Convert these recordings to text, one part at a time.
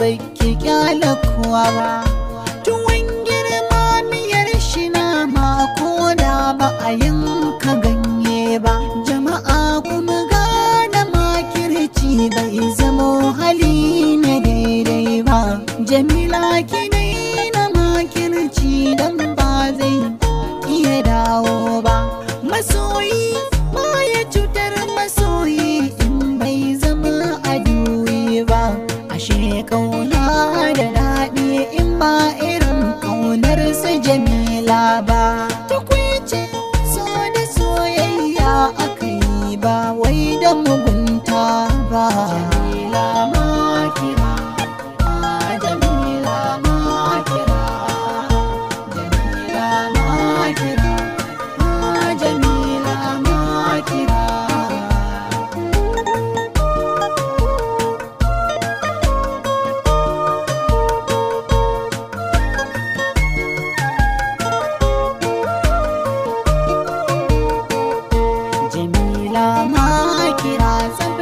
baki kyala kuwa ba tuwon girma miyar shi na mako ko da ba a yanka ganye ba jama'a kuma gane makirci bai zamo hali na daidai ba jamila Kauna da daɗi in ba irin ƙaunar su jamila ba takwicin so da soyayya aka yi ba wai da mugunta ba jamila makira jamila makira jamila makira Kira sampai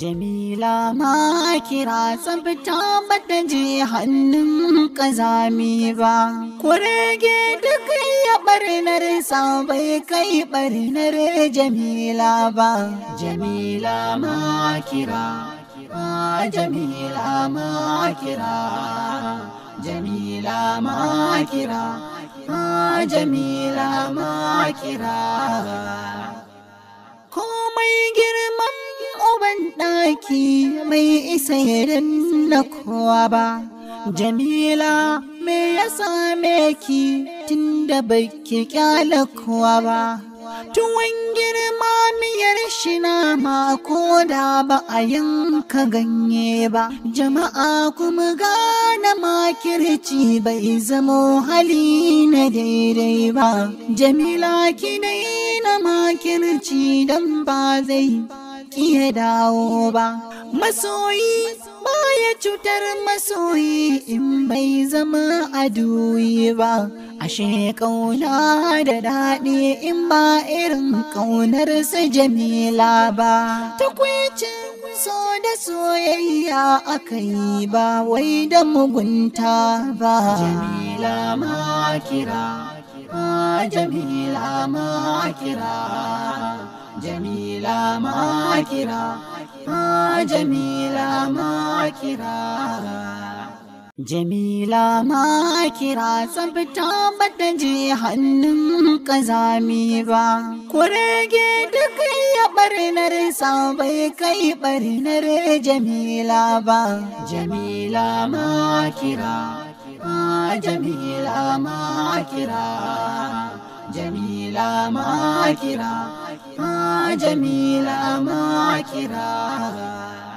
Jamila ma kira tsabta bata je hannun kazami ba. Kurege duk ya sa bai kai ɓarnar Jamila ba. Jamila ma kira, Jamila ma kira, Jamila ma kira, Jamila ma kira. Komai girman uban ɗaki mai isa irin na kowa ba. Jamila me ya same ki tun da baki kyala kowa ba. Tuwon girma miyar shi na mako da ba a yanka ganye ba, jama'a kuma gane makirci bai zamo hali na daidai ba. Jamila ki na makirci don ba zai ƙi ya dawo ba. Masoyi baya cutar masoyi in bai zama aduyi ba. Ashe ƙauna da daɗi in ba irin ƙaunar su jamila ba. ta Takwicin so da soyayya aka yi ba wai da mugunta ba. Jamila ma kira, Jamila ma kira, Jamila ma kira, Jamila ma kira. Jamila ma kira tsabta bata je hannun kazami ba, kurege duk ya barnar sa bai kai ɓarnar Jamila ba. Jamila ma kira, Jamila ma kira. Jamila ma kira, Jamila ma kira.